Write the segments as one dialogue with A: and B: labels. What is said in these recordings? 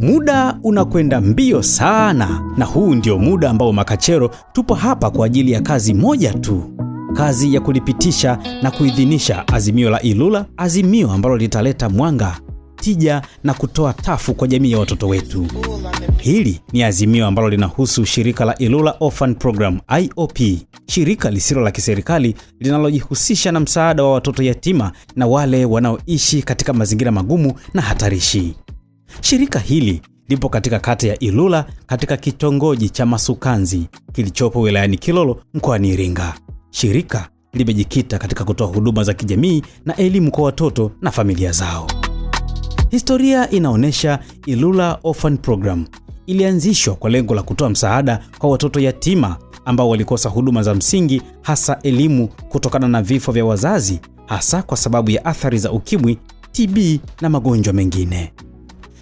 A: Muda unakwenda mbio sana, na huu ndio muda ambao makachero tupo hapa kwa ajili ya kazi moja tu, kazi ya kulipitisha na kuidhinisha azimio la Ilula, azimio ambalo litaleta mwanga, tija na kutoa tafu kwa jamii ya watoto wetu. Hili ni azimio ambalo linahusu shirika la Ilula Orphan Program IOP, shirika lisilo la kiserikali linalojihusisha na msaada wa watoto yatima na wale wanaoishi katika mazingira magumu na hatarishi. Shirika hili lipo katika kata ya Ilula katika kitongoji cha Masukanzi kilichopo wilayani Kilolo mkoani Iringa. Shirika limejikita katika kutoa huduma za kijamii na elimu kwa watoto na familia zao. Historia inaonyesha Ilula Orphan Program ilianzishwa kwa lengo la kutoa msaada kwa watoto yatima ambao walikosa huduma za msingi hasa elimu kutokana na vifo vya wazazi hasa kwa sababu ya athari za ukimwi, TB na magonjwa mengine.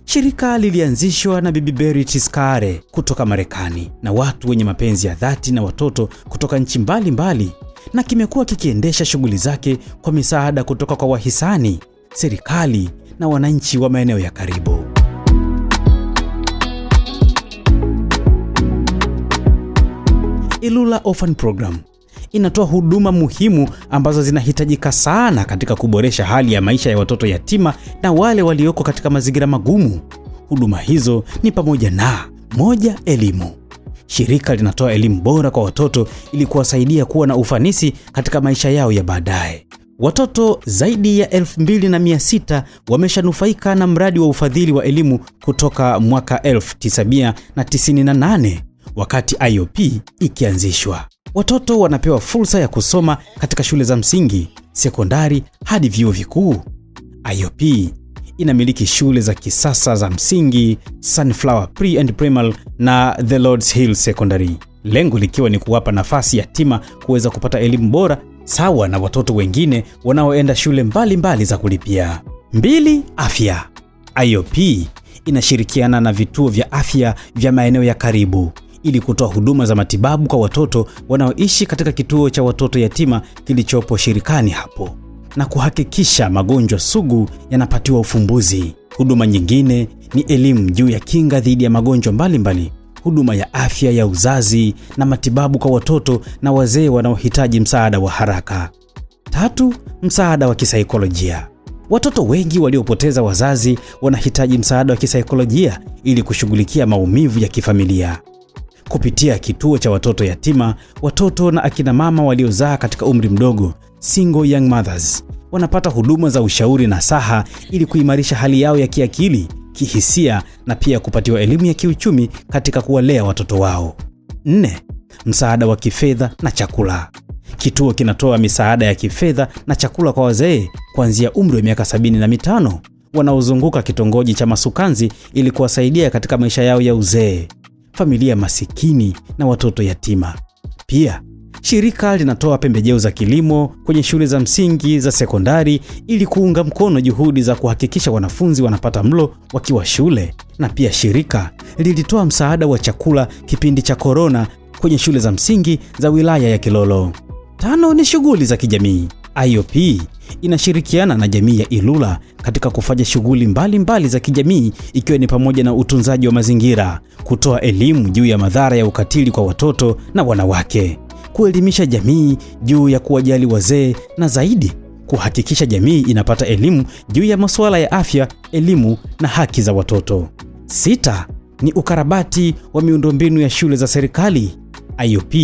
A: Shirika lilianzishwa na Bibi Berry Tiskare kutoka Marekani na watu wenye mapenzi ya dhati na watoto kutoka nchi mbalimbali, na kimekuwa kikiendesha shughuli zake kwa misaada kutoka kwa wahisani, serikali na wananchi wa maeneo ya karibu. Ilula Orphan Program inatoa huduma muhimu ambazo zinahitajika sana katika kuboresha hali ya maisha ya watoto yatima na wale walioko katika mazingira magumu. Huduma hizo ni pamoja na moja, elimu. Shirika linatoa elimu bora kwa watoto ili kuwasaidia kuwa na ufanisi katika maisha yao ya baadaye. Watoto zaidi ya 2600 wameshanufaika na mradi wa ufadhili wa elimu kutoka mwaka 1998 wakati IOP ikianzishwa watoto wanapewa fursa ya kusoma katika shule za msingi, sekondari hadi vyuo vikuu. IOP inamiliki shule za kisasa za msingi Sunflower Pre and Primal na The Lord's Hill Secondary, lengo likiwa ni kuwapa nafasi yatima kuweza kupata elimu bora sawa na watoto wengine wanaoenda shule mbalimbali mbali za kulipia. Mbili, afya. IOP inashirikiana na vituo vya afya vya maeneo ya karibu ili kutoa huduma za matibabu kwa watoto wanaoishi katika kituo cha watoto yatima kilichopo Shirikani hapo na kuhakikisha magonjwa sugu yanapatiwa ufumbuzi. Huduma nyingine ni elimu juu ya kinga dhidi ya magonjwa mbalimbali, huduma ya afya ya uzazi na matibabu kwa watoto na wazee wanaohitaji msaada wa haraka. Tatu, msaada wa kisaikolojia. Watoto wengi waliopoteza wazazi wanahitaji msaada wa kisaikolojia ili kushughulikia maumivu ya kifamilia kupitia kituo cha watoto yatima, watoto na akina mama waliozaa katika umri mdogo, single young mothers, wanapata huduma za ushauri na saha ili kuimarisha hali yao ya kiakili, kihisia na pia kupatiwa elimu ya kiuchumi katika kuwalea watoto wao. Nne, msaada wa kifedha na chakula. Kituo kinatoa misaada ya kifedha na chakula kwa wazee kuanzia umri wa miaka sabini na mitano wanaozunguka kitongoji cha Masukanzi ili kuwasaidia katika maisha yao ya uzee familia masikini na watoto yatima. Pia shirika linatoa pembejeo za kilimo kwenye shule za msingi za sekondari ili kuunga mkono juhudi za kuhakikisha wanafunzi wanapata mlo wakiwa shule. Na pia shirika lilitoa msaada wa chakula kipindi cha korona kwenye shule za msingi za wilaya ya Kilolo. Tano ni shughuli za kijamii. IOP inashirikiana na jamii ya Ilula katika kufanya shughuli mbalimbali za kijamii ikiwa ni pamoja na utunzaji wa mazingira, kutoa elimu juu ya madhara ya ukatili kwa watoto na wanawake, kuelimisha jamii juu ya kuwajali wazee na zaidi kuhakikisha jamii inapata elimu juu ya masuala ya afya, elimu na haki za watoto. Sita, ni ukarabati wa miundombinu ya shule za serikali. IOP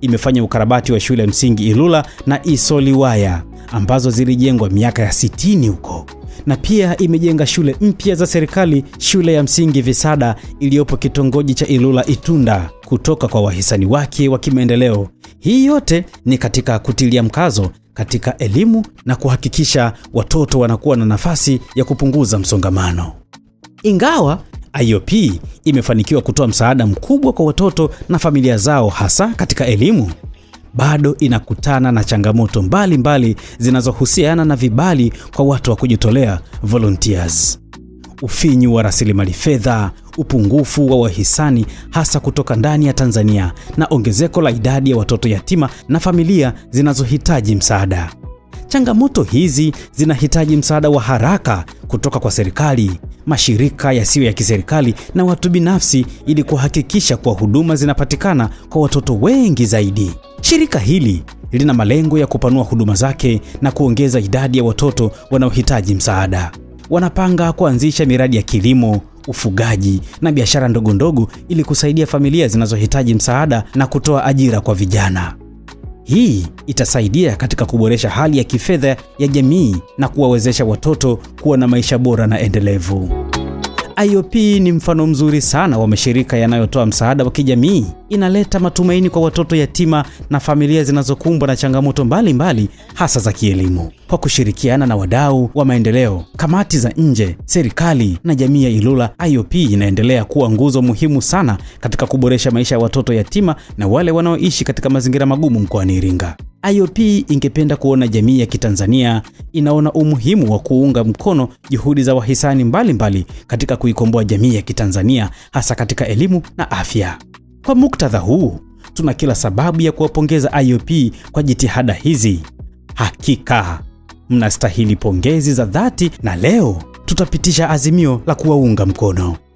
A: imefanya ukarabati wa shule ya msingi Ilula na Isoliwaya ambazo zilijengwa miaka ya sitini huko na pia imejenga shule mpya za serikali, shule ya msingi Visada iliyopo kitongoji cha Ilula Itunda, kutoka kwa wahisani wake wa kimaendeleo. Hii yote ni katika kutilia mkazo katika elimu na kuhakikisha watoto wanakuwa na nafasi ya kupunguza msongamano. Ingawa IOP imefanikiwa kutoa msaada mkubwa kwa watoto na familia zao hasa katika elimu. Bado inakutana na changamoto mbalimbali zinazohusiana na vibali kwa watu wa kujitolea volunteers. Ufinyu wa rasilimali fedha, upungufu wa wahisani hasa kutoka ndani ya Tanzania na ongezeko la idadi ya watoto yatima na familia zinazohitaji msaada. Changamoto hizi zinahitaji msaada wa haraka kutoka kwa serikali, mashirika yasiyo ya kiserikali na watu binafsi ili kuhakikisha kuwa huduma zinapatikana kwa watoto wengi zaidi. Shirika hili lina malengo ya kupanua huduma zake na kuongeza idadi ya watoto wanaohitaji msaada. Wanapanga kuanzisha miradi ya kilimo, ufugaji na biashara ndogo ndogo ili kusaidia familia zinazohitaji msaada na kutoa ajira kwa vijana. Hii itasaidia katika kuboresha hali ya kifedha ya jamii na kuwawezesha watoto kuwa na maisha bora na endelevu. IOP ni mfano mzuri sana wa mashirika yanayotoa msaada wa kijamii. Inaleta matumaini kwa watoto yatima na familia zinazokumbwa na changamoto mbalimbali mbali, hasa za kielimu. Kwa kushirikiana na wadau wa maendeleo, kamati za nje, serikali na jamii ya Ilula, IOP inaendelea kuwa nguzo muhimu sana katika kuboresha maisha ya watoto yatima na wale wanaoishi katika mazingira magumu mkoani Iringa. IOP ingependa kuona jamii ya Kitanzania inaona umuhimu wa kuunga mkono juhudi za wahisani mbalimbali mbali katika kuikomboa jamii ya Kitanzania hasa katika elimu na afya. Kwa muktadha huu, tuna kila sababu ya kuwapongeza IOP kwa jitihada hizi. Hakika mnastahili pongezi za dhati na leo tutapitisha azimio la kuwaunga mkono.